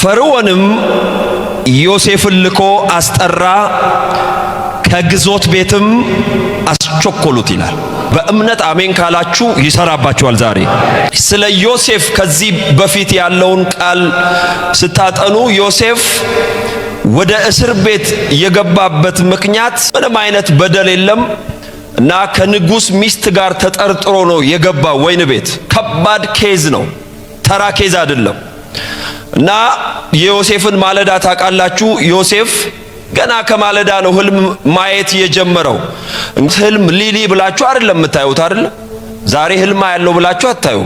ፈርዖንም ዮሴፍን ልኮ አስጠራ፣ ከግዞት ቤትም አስቸኮሉት ይላል። በእምነት አሜን ካላችሁ ይሰራባችኋል። ዛሬ ስለ ዮሴፍ ከዚህ በፊት ያለውን ቃል ስታጠኑ ዮሴፍ ወደ እስር ቤት የገባበት ምክንያት ምንም አይነት በደል የለም እና ከንጉሥ ሚስት ጋር ተጠርጥሮ ነው የገባ ወይን ቤት። ከባድ ኬዝ ነው፣ ተራ ኬዝ አይደለም። እና የዮሴፍን ማለዳ ታውቃላችሁ። ዮሴፍ ገና ከማለዳ ነው ህልም ማየት የጀመረው። ህልም ሊሊ ብላችሁ አይደለም የምታዩት አይደለ? ዛሬ ህልም ያለው ብላችሁ አታዩ።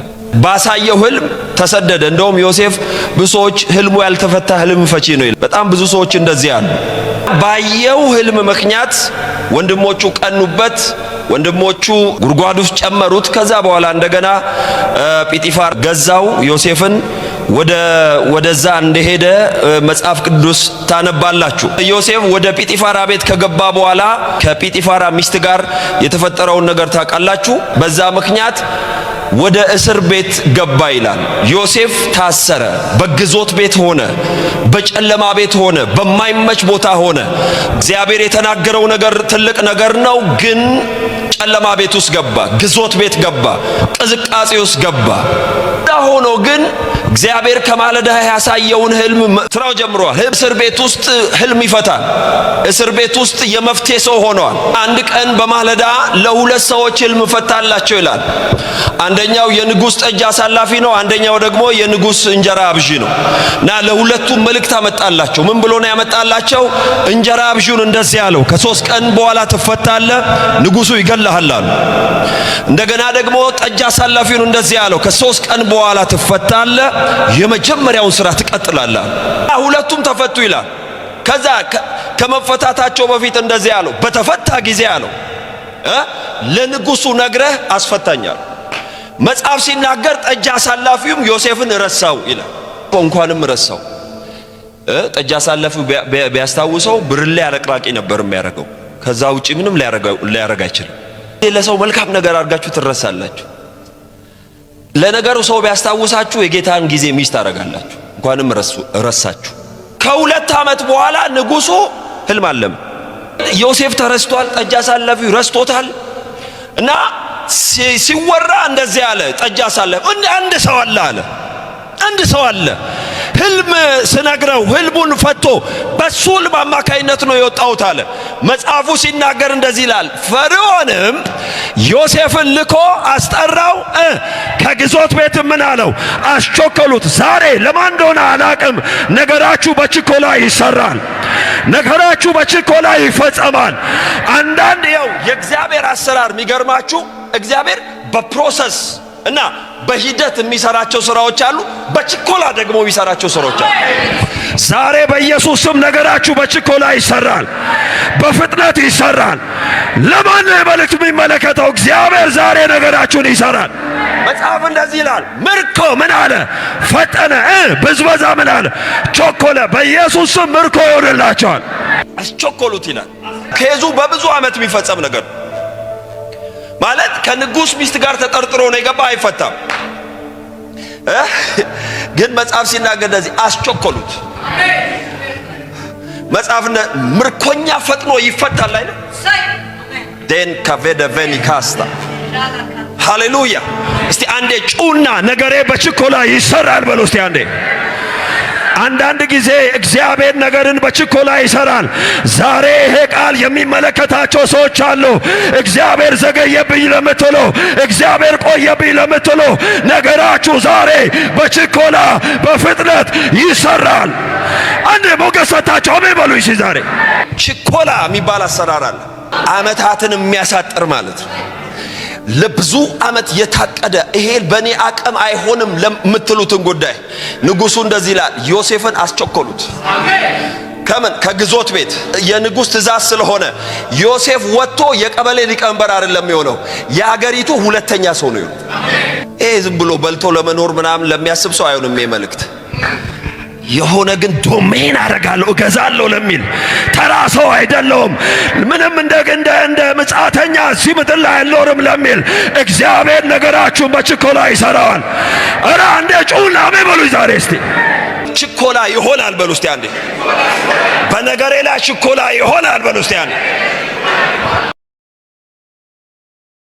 ባሳየው ህልም ተሰደደ። እንደውም ዮሴፍ ብዙ ሰዎች ህልሙ ያልተፈታ ህልም ፈቺ ነው በጣም ብዙ ሰዎች እንደዚህ አሉ። ባየው ህልም ምክንያት ወንድሞቹ ቀኑበት። ወንድሞቹ ጉድጓድ ውስጥ ጨመሩት። ከዛ በኋላ እንደገና ጲጢፋር ገዛው ዮሴፍን። ወደዛ እንደሄደ መጽሐፍ ቅዱስ ታነባላችሁ። ዮሴፍ ወደ ጲጢፋራ ቤት ከገባ በኋላ ከጲጢፋራ ሚስት ጋር የተፈጠረውን ነገር ታውቃላችሁ። በዛ ምክንያት ወደ እስር ቤት ገባ ይላል። ዮሴፍ ታሰረ፣ በግዞት ቤት ሆነ፣ በጨለማ ቤት ሆነ፣ በማይመች ቦታ ሆነ። እግዚአብሔር የተናገረው ነገር ትልቅ ነገር ነው፣ ግን ጨለማ ቤት ውስጥ ገባ፣ ግዞት ቤት ገባ፣ ቅዝቃዜ ውስጥ ገባ። ሆኖ ግን እግዚአብሔር ከማለዳ ያሳየውን ህልም ስራው ጀምሯል እስር ቤት ውስጥ ህልም ይፈታል። እስር ቤት ውስጥ የመፍትሄ ሰው ሆነዋል። አንድ ቀን በማለዳ ለሁለት ሰዎች ህልም ፈታላቸው ይላል። አንደኛው የንጉስ ጠጅ አሳላፊ ነው፣ አንደኛው ደግሞ የንጉስ እንጀራ አብዢ ነው እና ለሁለቱም መልእክት አመጣላቸው። ምን ብሎ ነው ያመጣላቸው? እንጀራ አብዢውን እንደዚህ ያለው ከሶስት ቀን በኋላ ትፈታለ፣ ንጉሱ ይገላሃል አሉ። እንደገና ደግሞ ጠጅ አሳላፊውን እንደዚህ ያለው ከሶስት ቀን በኋላ በኋላ ትፈታለ፣ የመጀመሪያውን ስራ ትቀጥላለ። ሁለቱም ተፈቱ ይላል። ከዛ ከመፈታታቸው በፊት እንደዚህ አለው፣ በተፈታ ጊዜ አለው ለንጉሱ ነግረህ አስፈታኛል። መጽሐፍ ሲናገር ጠጅ አሳላፊውም ዮሴፍን ረሳው ይላል። እንኳንም ረሳው። ጠጅ አሳላፊው ቢያስታውሰው ብርሌ አረቅራቂ ነበር የሚያደርገው። ከዛ ውጪ ምንም ሊያደርግ አይችልም። ለሰው መልካም ነገር አድርጋችሁ ትረሳላችሁ። ለነገሩ ሰው ቢያስታውሳችሁ የጌታን ጊዜ ሚስት አደርጋላችሁ። እንኳንም ረሳችሁ። ከሁለት ዓመት በኋላ ንጉሱ ህልም አለም። ዮሴፍ ተረስቷል። ጠጅ አሳለፊው ረስቶታል እና ሲወራ እንደዚህ አለ። ጠጅ አሳላፊ አንድ ሰው አለ አለ አንድ ሰው አለ ህልም ስነግረው ህልሙን ፈቶ በሱ ህልም አማካይነት ነው የወጣሁት አለ። መጽሐፉ ሲናገር እንደዚህ ይላል፣ ፈርዖንም ዮሴፍን ልኮ አስጠራው፣ ከግዞት ቤት ምን አለው አስቾከሉት። ዛሬ ለማን እንደሆነ አላቅም፣ ነገራችሁ በችኮላ ይሰራል፣ ነገራችሁ በችኮላ ይፈጸማል። አንዳንድ ያው የእግዚአብሔር አሰራር የሚገርማችሁ እግዚአብሔር በፕሮሰስ እና በሂደት የሚሰራቸው ስራዎች አሉ፣ በችኮላ ደግሞ የሚሰራቸው ስራዎች አሉ። ዛሬ በኢየሱስ ስም ነገራችሁ በችኮላ ይሰራል፣ በፍጥነት ይሰራል። ለማን ነው የመልእክት የሚመለከተው? እግዚአብሔር ዛሬ ነገራችሁን ይሰራል። መጽሐፍ እንደዚህ ይላል፣ ምርኮ ምን አለ? ፈጠነ። ብዝበዛ ምን አለ? ቸኮለ። በኢየሱስ ስም ምርኮ ይሆንላቸዋል። አስቸኮሉት ይላል። ከዙ በብዙ ዓመት የሚፈጸም ነገር ነው። ማለት ከንጉሥ ሚስት ጋር ተጠርጥሮ ነው የገባ አይፈታም። ግን መጽሐፍ ሲናገር እንደዚህ አስቸኮሉት። መጽሐፍ ምርኮኛ ፈጥኖ ይፈታል አይደል? ዴን ካቬደ ቬኒ ካስታ ሃሌሉያ። እስቲ አንዴ ጩና ነገሬ በችኮላ ይሰራል በሎ እስቲ አንዴ አንዳንድ ጊዜ እግዚአብሔር ነገርን በችኮላ ይሰራል። ዛሬ ይሄ ቃል የሚመለከታቸው ሰዎች አሉ። እግዚአብሔር ዘገየብኝ ለምትሎ፣ እግዚአብሔር ቆየብኝ ለምትሎ ነገራችሁ ዛሬ በችኮላ በፍጥነት ይሰራል። አንድ ሞገሰታቸው አሜን በሉ። ዛሬ ችኮላ የሚባል አሰራር አለ፣ አመታትን የሚያሳጥር ማለት ነው። ለብዙ ዓመት የታቀደ ይሄ በእኔ አቅም አይሆንም ለምትሉትን ጉዳይ ንጉሱ እንደዚህ ይላል። ዮሴፍን አስቸኮሉት። ከምን ከግዞት ቤት የንጉስ ትእዛዝ ስለሆነ ዮሴፍ ወጥቶ የቀበሌ ሊቀመንበር አይደለም የሆነው፣ የአገሪቱ ሁለተኛ ሰው ነው። ይሄ ዝም ብሎ በልቶ ለመኖር ምናምን ለሚያስብ ሰው አይሆንም ይህ መልእክት። የሆነ ግን ዶሜን አደርጋለሁ እገዛለሁ ለሚል ተራ ሰው አይደለሁም። ምንም እንደ እንደ እንደ መጻተኛ እዚህ ምድር ላይ አልኖርም ለሚል እግዚአብሔር ነገራችሁን በችኮላ ይሰራዋል። እረ አንዴ ጩሁና አሜን በሉ። ዛሬ እስቲ ችኮላ ይሆናል በሉ እስቲ አንዴ። በነገሬ ላይ ችኮላ ይሆናል በሉ እስቲ አንዴ።